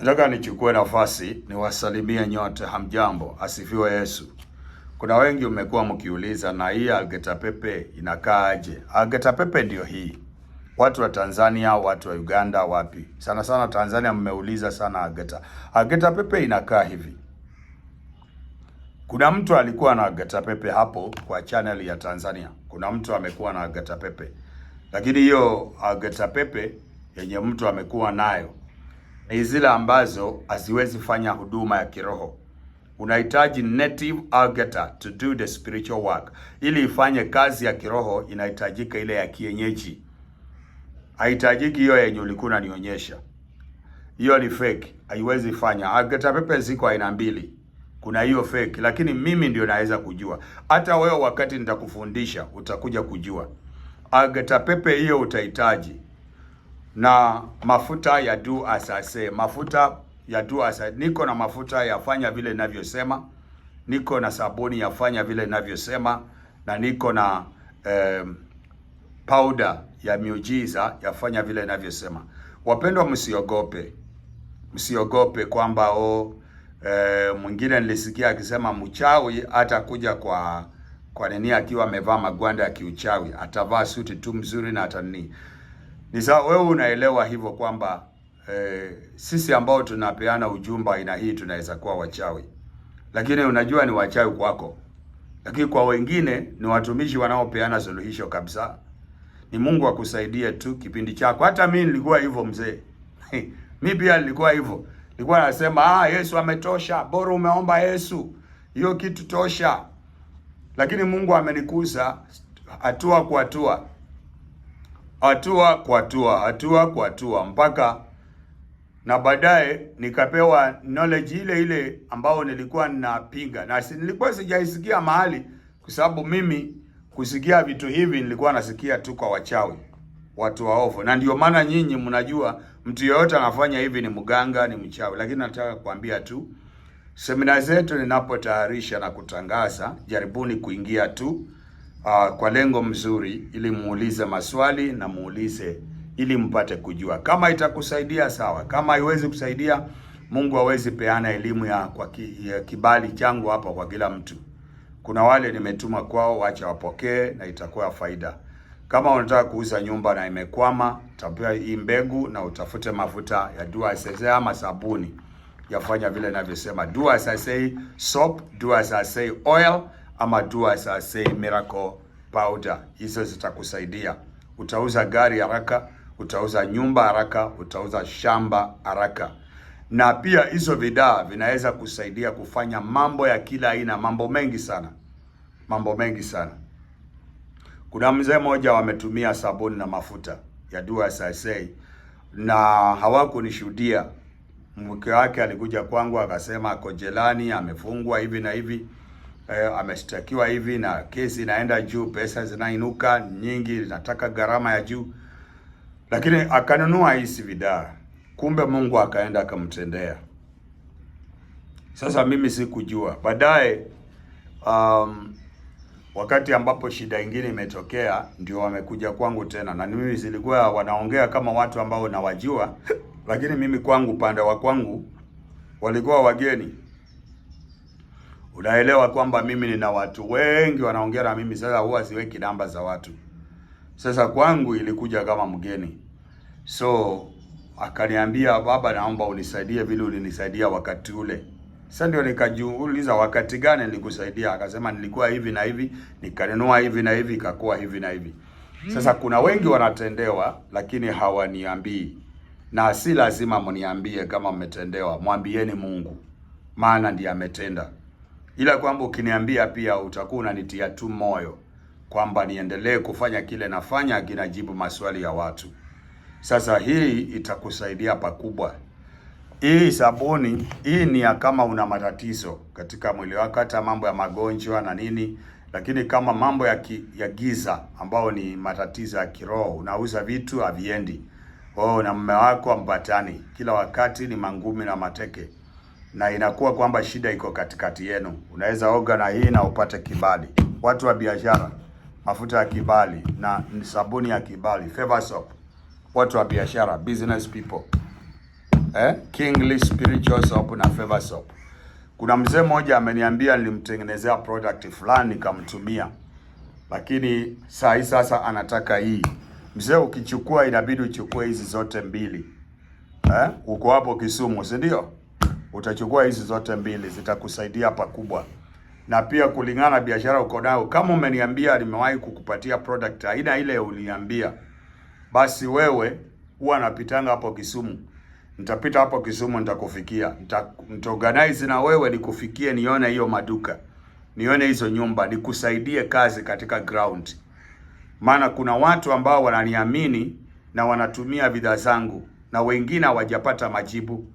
Nataka nichukue nafasi niwasalimie nyote, hamjambo, asifiwe Yesu. Kuna wengi umekuwa mkiuliza na hii algeta pepe inakaaje? Algeta pepe ndio hii. Watu wa Tanzania, watu wa Uganda, wapi sana sana Tanzania mmeuliza sana algeta. Algeta pepe inakaa hivi. Kuna mtu alikuwa na algeta pepe hapo kwa channel ya Tanzania. Kuna mtu amekuwa na algeta pepe, lakini hiyo algeta pepe yenye mtu amekuwa nayo ni zile ambazo haziwezi fanya huduma ya kiroho. Unahitaji native agata to do the spiritual work. Ili ifanye kazi ya kiroho inahitajika ile ya kienyeji, haihitajiki hiyo yenye ulikuwa unanionyesha. Hiyo ni fake, haiwezi fanya. Agata pepe ziko aina mbili, kuna hiyo fake, lakini mimi ndio naweza kujua. Hata wewe wakati nitakufundisha utakuja kujua agata pepe hiyo utahitaji na mafuta ya du say, mafuta ya as I, Niko na mafuta ya fanya vile ninavyosema, niko na sabuni ya fanya vile ninavyosema, na niko na eh, powder ya miujiza ya fanya vile ninavyosema. Wapendwa, msiogope, msiogope kwamba o oh, eh, mwingine nilisikia akisema mchawi atakuja kwa kwa nini akiwa amevaa magwanda ya kiuchawi, atavaa suti tu mzuri na atanini ni sawa, wewe unaelewa hivyo kwamba eh, sisi ambao tunapeana ujumbe aina hii tunaweza kuwa wachawi, lakini unajua ni wachawi kwako, lakini kwa wengine ni watumishi wanaopeana suluhisho kabisa. Ni Mungu akusaidie tu kipindi chako. Hata mimi nilikuwa hivyo mzee mimi pia nilikuwa hivyo, nilikuwa nasema ah, Yesu ametosha, bora umeomba Yesu, hiyo kitu tosha. Lakini Mungu amenikuza hatua kwa hatua hatua kwa hatua, hatua kwa hatua mpaka na baadaye nikapewa knowledge ile ile ambayo nilikuwa napinga na nilikuwa sijaisikia mahali, kwa sababu mimi kusikia vitu hivi nilikuwa nasikia tu kwa wachawi, watu waovu. Na ndio maana nyinyi mnajua mtu yeyote anafanya hivi ni mganga, ni mchawi. Lakini nataka kuambia tu, semina zetu ninapotayarisha na kutangaza, jaribuni kuingia tu uh, kwa lengo mzuri, ili muulize maswali na muulize ili mpate kujua. Kama itakusaidia sawa, kama haiwezi kusaidia, Mungu hawezi peana elimu ya kwa ki, ya kibali changu hapa kwa kila mtu. Kuna wale nimetuma kwao, wacha wapokee na itakuwa faida. Kama unataka kuuza nyumba na imekwama, tapia hii mbegu na utafute mafuta ya Dua Sasei ama sabuni yafanya vile navyosema, Dua Sasei soap, Dua Sasei oil ama Dua Sasei Miracle Powder, hizo zitakusaidia. Utauza gari haraka, utauza nyumba haraka, utauza shamba haraka, na pia hizo vidaa vinaweza kusaidia kufanya mambo ya kila aina, mambo mengi sana, mambo mengi sana. Kuna mzee mmoja wametumia sabuni na mafuta ya Dua Sasei na hawakunishuhudia. Mke wake alikuja kwangu akasema ako jelani, amefungwa hivi na hivi eh, ameshtakiwa hivi na kesi inaenda juu, pesa zinainuka nyingi, nataka gharama ya juu, lakini akanunua hizi bidhaa, kumbe Mungu akaenda akamtendea. Sasa mimi sikujua baadaye, um, wakati ambapo shida ingine imetokea ndio wamekuja kwangu tena, na mimi zilikuwa wanaongea kama watu ambao nawajua, lakini mimi kwangu, upande wa kwangu walikuwa wageni. Unaelewa kwamba mimi nina watu wengi wanaongea na mimi, sasa huwa siweki namba za watu. Sasa kwangu ilikuja kama mgeni, so akaniambia, baba, naomba unisaidie vile ulinisaidia wakati ule. Sasa ndio nikajiuliza, wakati gani nilikusaidia? Akasema nilikuwa hivi na hivi, nikanunua hivi na hivi, ikakuwa hivi na hivi. Sasa kuna wengi wanatendewa, lakini hawaniambii, na si lazima mniambie kama mmetendewa, mwambieni Mungu, maana ndiye ametenda ila kwamba ukiniambia pia utakuwa unanitia tu moyo kwamba niendelee kufanya kile nafanya, kinajibu maswali ya watu. Sasa hii itakusaidia pakubwa. Hii sabuni hii ni ya kama una matatizo katika mwili wako, hata mambo ya magonjwa na nini, lakini kama mambo ya, ki, ya giza ambao ni matatizo ya kiroho, unauza vitu haviendi, wewe oh, na mume wako ambatani kila wakati ni mangumi na mateke na inakuwa kwamba shida iko katikati yenu. Unaweza oga na hii na upate kibali. Watu wa biashara, mafuta ya kibali na sabuni ya kibali, Fever Soap. Watu wa biashara, business people, eh, Kingly Spiritual Soap na Fever Soap. Kuna mzee mmoja ameniambia nilimtengenezea product fulani nikamtumia, lakini saa hii sasa anataka hii. Mzee, ukichukua inabidi uchukue hizi zote mbili eh, uko hapo Kisumu, si ndio? utachukua hizi zote mbili, zitakusaidia pakubwa. Na pia kulingana na biashara uko nayo, kama umeniambia nimewahi kukupatia product aina ile uliambia, basi wewe huwa napitanga hapo Kisumu, nitapita hapo Kisumu, nitakufikia, nitaorganize na wewe nikufikie, nione hiyo maduka, nione hizo nyumba, nikusaidie kazi katika ground, maana kuna watu ambao wananiamini na wanatumia bidhaa zangu na wengine hawajapata majibu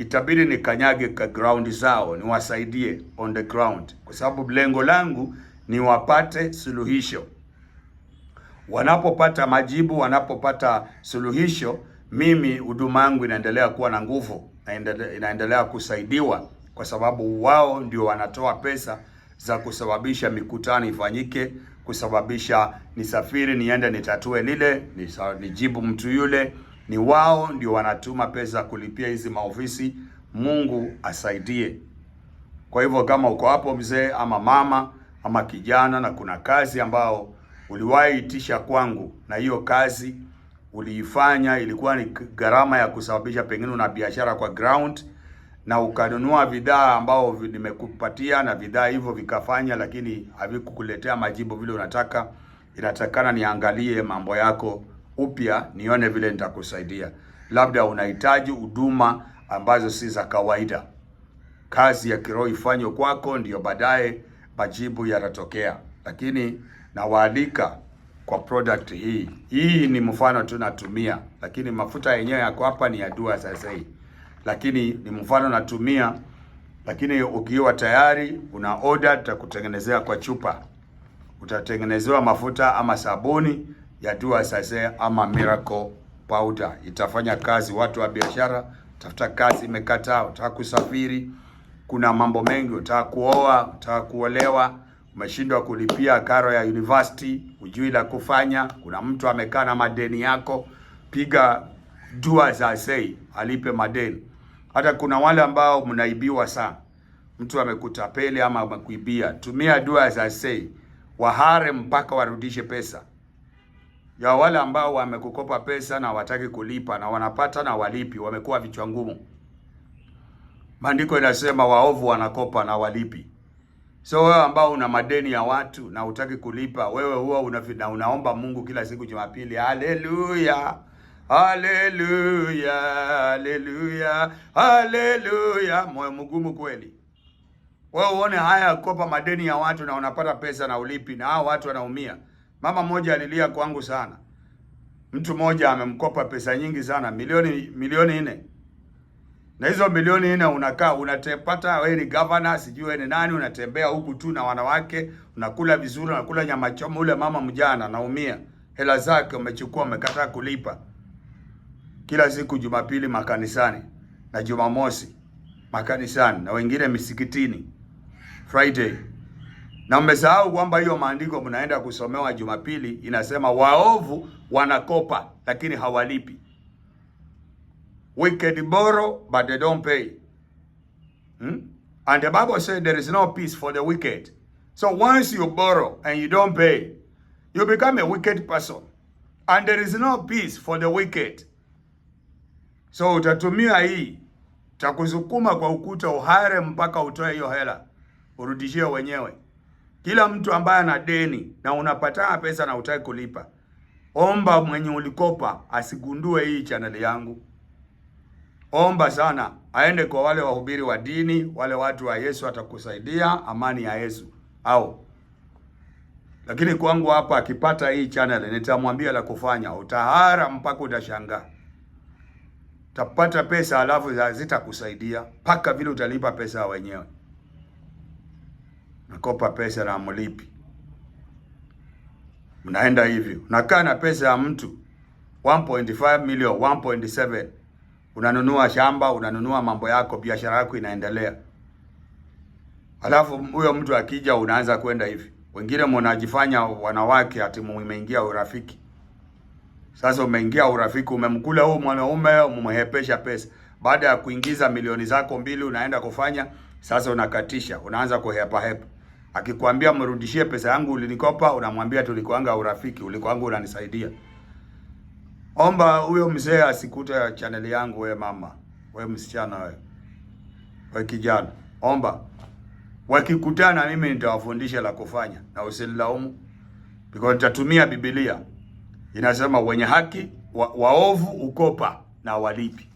itabidi nikanyage ka ground zao, niwasaidie on the ground, kwa sababu lengo langu ni wapate suluhisho. Wanapopata majibu, wanapopata suluhisho, mimi huduma yangu inaendelea kuwa na nguvu, inaendelea kusaidiwa, kwa sababu wao ndio wanatoa pesa za kusababisha mikutano ifanyike, kusababisha nisafiri niende nitatue lile, nijibu mtu yule ni wao ndio wanatuma pesa kulipia hizi maofisi. Mungu asaidie. Kwa hivyo kama uko hapo mzee ama mama ama kijana, na kuna kazi ambao uliwahi itisha kwangu na hiyo kazi uliifanya, ilikuwa ni gharama ya kusababisha, pengine una biashara kwa ground na ukanunua bidhaa ambao nimekupatia na bidhaa hivyo vikafanya, lakini havikukuletea majibu vile unataka. Inatakana niangalie mambo yako upya nione vile nitakusaidia. Labda unahitaji huduma ambazo si za kawaida, kazi ya kiroho ifanywe kwako, ndio baadaye majibu yatatokea. Lakini nawaalika kwa product hii, hii ni mfano tu natumia, lakini mafuta yenyewe yako hapa ni ya dua sasa hii, lakini ni mfano natumia. Lakini ukiwa tayari una order, tutakutengenezea kwa chupa, utatengenezewa mafuta ama sabuni ya tuasase ama miracle powder itafanya kazi. Watu wa biashara, tafuta kazi, imekataa, utaka kusafiri, kuna mambo mengi, utaka kuoa, utaka kuolewa, umeshindwa kulipia karo ya university, ujui la kufanya, kuna mtu amekaa na madeni yako, piga dua za sei alipe madeni. Hata kuna wale ambao mnaibiwa sana, mtu amekutapeli ama amekuibia, tumia dua za sei wahare mpaka warudishe pesa ya wale ambao wamekukopa pesa na wataki kulipa na wanapata na walipi, wamekuwa vichwa ngumu. Maandiko inasema waovu wanakopa na walipi. So wewe ambao una madeni ya watu na utaki kulipa, wewe huwa una, unaomba Mungu kila siku Jumapili. Haleluya, haleluya, haleluya, haleluya. Moyo mgumu kweli. Wewe uone haya, kopa madeni ya watu na unapata pesa na ulipi, na hao watu wanaumia. Mama mmoja alilia kwangu sana, mtu mmoja amemkopa pesa nyingi sana, milioni milioni nne, na hizo milioni nne unakaa unatepata, wewe ni governor, sijui wewe ni nani, unatembea huku tu na wanawake, unakula vizuri, unakula nyama choma. Ule mama mjana naumia, hela zake umechukua, umekataa kulipa. Kila siku Jumapili makanisani na Jumamosi makanisani na wengine misikitini Friday na mmesahau kwamba hiyo maandiko mnaenda kusomewa Jumapili inasema waovu wanakopa lakini hawalipi. Wicked borrow but they don't pay. Hmm? And the Bible said there is no peace for the wicked. So once you borrow and you don't pay, you become a wicked person. And there is no peace for the wicked. So utatumia hii takuzukuma kwa ukuta uhare mpaka utoe hiyo hela urudishie wenyewe. Kila mtu ambaye ana deni na unapatana pesa na utaki kulipa, omba mwenye ulikopa asigundue hii chaneli yangu. Omba sana, aende kwa wale wahubiri wa dini, wale watu wa Yesu, atakusaidia amani ya Yesu au lakini kwangu hapa, akipata hii channel nitamwambia la kufanya, utahara mpaka utashangaa. tapata pesa alafu zitakusaidia mpaka vile utalipa pesa wenyewe nakopa pesa na mlipi, mnaenda hivyo, nakaa na pesa ya mtu 1.5 million, 1.7 unanunua shamba, unanunua mambo yako, biashara yako inaendelea. Alafu huyo mtu akija, unaanza kwenda hivi. Wengine mnajifanya wanawake, ati mmeingia urafiki. Sasa umeingia urafiki, umemkula huyo mwanaume, umemhepesha pesa. Baada ya kuingiza milioni zako mbili, unaenda kufanya sasa, unakatisha, unaanza kuhepa hepa. Akikwambia mrudishie pesa yangu ulinikopa, unamwambia tulikuanga urafiki, ulikuanga unanisaidia. Omba huyo mzee asikute chaneli yangu. We mama, we msichana, we we kijana, omba wakikutana, mimi nitawafundisha la kufanya na usinilaumu, because nitatumia Biblia inasema wenye haki wa, waovu ukopa na walipi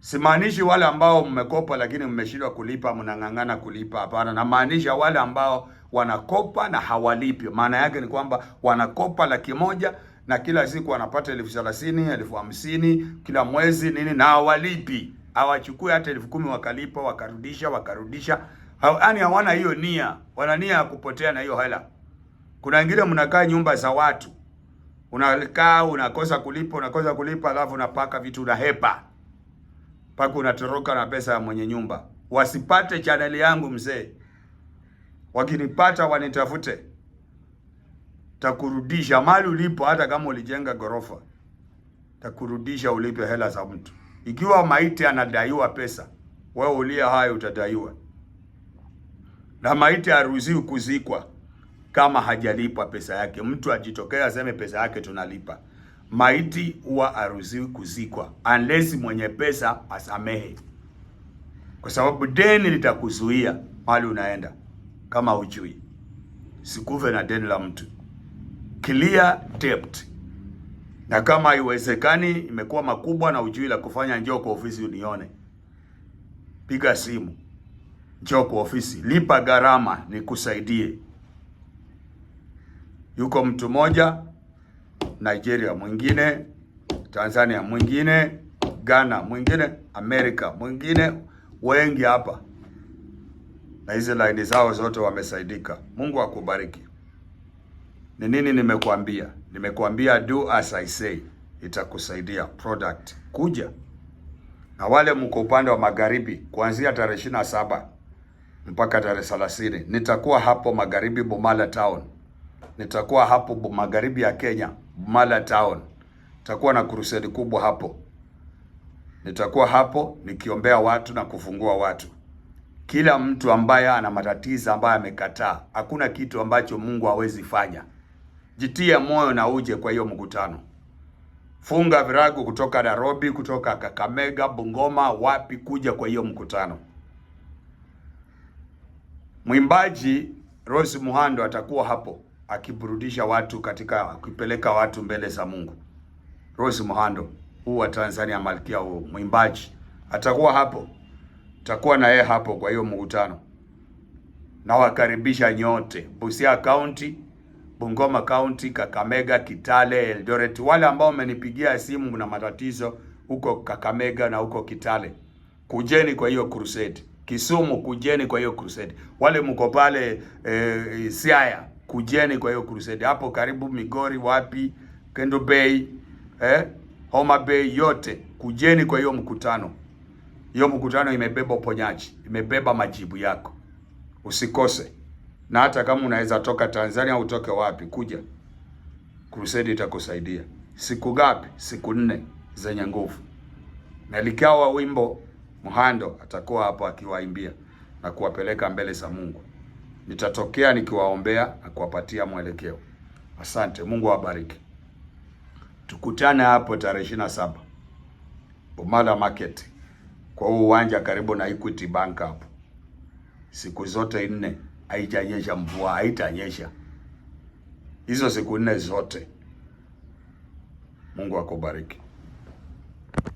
Simaanishi wale ambao mmekopa lakini mmeshindwa kulipa, mnang'ang'ana kulipa. Hapana, namaanisha wale ambao wanakopa na hawalipi. Maana yake ni kwamba wanakopa laki moja na kila siku wanapata elfu thelathini elfu hamsini kila mwezi nini, na hawalipi, hawachukui hata elfu kumi wakalipa, wakarudisha, wakarudisha. Yaani hawana hiyo nia, wana nia ya kupotea na hiyo hela. Kuna wengine mnakaa nyumba za watu, unakaa unakosa kulipa, unakosa kulipa, alafu unapaka vitu, unahepa mpaka unatoroka na pesa ya mwenye nyumba. Wasipate chaneli yangu mzee, wakinipata wanitafute, takurudisha mali ulipo. Hata kama ulijenga gorofa, takurudisha ulipe hela za mtu. Ikiwa maiti anadaiwa pesa, wewe ulia hayo, utadaiwa, na maiti haruhusiwi kuzikwa kama hajalipwa pesa yake. Mtu ajitokea aseme pesa yake tunalipa maiti huwa haruhusiwi kuzikwa unless mwenye pesa asamehe, kwa sababu deni litakuzuia mahali unaenda. Kama ujui sikuve na deni la mtu, clear debt. Na kama haiwezekani, imekuwa makubwa na ujui la kufanya, njoo kwa ofisi unione, piga simu, njoo kwa ofisi, lipa gharama nikusaidie. Yuko mtu mmoja Nigeria mwingine, Tanzania mwingine, Ghana mwingine, Amerika mwingine, wengi hapa na hizi laini zao zote wamesaidika. Mungu akubariki. Ni nini nimekuambia? Nimekuambia do as I say, itakusaidia product kuja. Na wale mko upande wa magharibi, kuanzia tarehe ishirini na saba mpaka tarehe 30 nitakuwa hapo magharibi Bomala Town, nitakuwa hapo magharibi ya Kenya. Mala Town. Nitakuwa na crusade kubwa hapo. Nitakuwa hapo nikiombea watu na kufungua watu. Kila mtu ambaye ana matatizo, ambaye amekataa, hakuna kitu ambacho Mungu hawezi fanya. Jitia moyo na uje kwa hiyo mkutano. Funga virago kutoka Nairobi, kutoka Kakamega, Bungoma, wapi kuja kwa hiyo mkutano. Mwimbaji Rose Muhando atakuwa hapo akiburudisha watu katika akipeleka watu mbele za Mungu. Rose Muhando huu wa Tanzania Malkia huu mwimbaji atakuwa hapo, takuwa na yeye hapo kwa hiyo mkutano, na wakaribisha nyote Busia County, Bungoma County, Kakamega, Kitale, Eldoret. Wale ambao wamenipigia simu na matatizo huko Kakamega na huko Kitale, kujeni kwa hiyo crusade. Kisumu, kujeni kwa hiyo crusade. Wale mko pale e, Siaya kujeni kwa hiyo crusade hapo karibu Migori, wapi Kendo Bay, eh, Homa Bay, yote kujeni kwa hiyo mkutano. Hiyo mkutano imebeba uponyaji, imebeba majibu yako, usikose. Na hata kama unaweza toka Tanzania utoke wapi, kuja crusade itakusaidia. Siku gapi? Siku nne zenye nguvu, na likawa wimbo Mhando atakuwa hapo akiwaimbia na kuwapeleka mbele za Mungu nitatokea nikiwaombea na kuwapatia mwelekeo. Asante, Mungu awabariki. Tukutane hapo tarehe ishirini na saba Bomala Market kwa uwanja karibu na Equity Bank hapo. Siku zote nne haijanyesha mvua, haitanyesha hizo siku nne zote. Mungu akubariki.